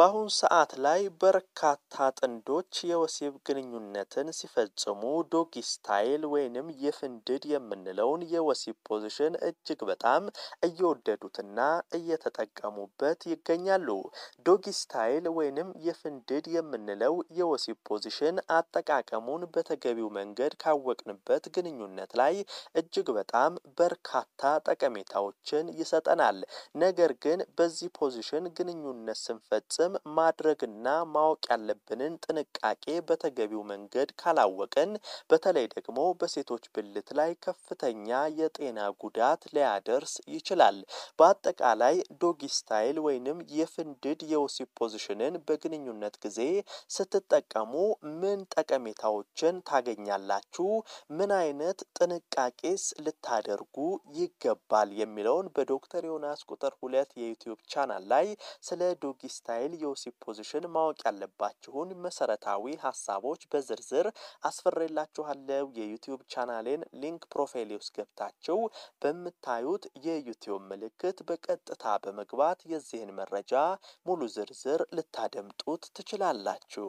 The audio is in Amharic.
በአሁን ሰዓት ላይ በርካታ ጥንዶች የወሲብ ግንኙነትን ሲፈጽሙ ዶጊ ስታይል ወይንም የፍንድድ የምንለውን የወሲብ ፖዚሽን እጅግ በጣም እየወደዱትና እየተጠቀሙበት ይገኛሉ። ዶጊ ስታይል ወይንም የፍንድድ የምንለው የወሲብ ፖዚሽን አጠቃቀሙን በተገቢው መንገድ ካወቅንበት ግንኙነት ላይ እጅግ በጣም በርካታ ጠቀሜታዎችን ይሰጠናል። ነገር ግን በዚህ ፖዚሽን ግንኙነት ስንፈጽም በመጠቀም ማድረግና ማወቅ ያለብንን ጥንቃቄ በተገቢው መንገድ ካላወቅን በተለይ ደግሞ በሴቶች ብልት ላይ ከፍተኛ የጤና ጉዳት ሊያደርስ ይችላል። በአጠቃላይ ዶጊ ስታይል ወይንም የፍንድድ የወሲብ ፖዚሽንን በግንኙነት ጊዜ ስትጠቀሙ ምን ጠቀሜታዎችን ታገኛላችሁ? ምን አይነት ጥንቃቄስ ልታደርጉ ይገባል? የሚለውን በዶክተር ዮናስ ቁጥር ሁለት የዩትዩብ ቻናል ላይ ስለ ዶጊ ስታይል የዮሲብ ፖዚሽን ማወቅ ያለባችሁን መሰረታዊ ሀሳቦች በዝርዝር አስፈሬላችኋለሁ። የዩቲዩብ ቻናሌን ሊንክ ፕሮፋይል ውስጥ ገብታችሁ በምታዩት የዩቲዩብ ምልክት በቀጥታ በመግባት የዚህን መረጃ ሙሉ ዝርዝር ልታደምጡት ትችላላችሁ።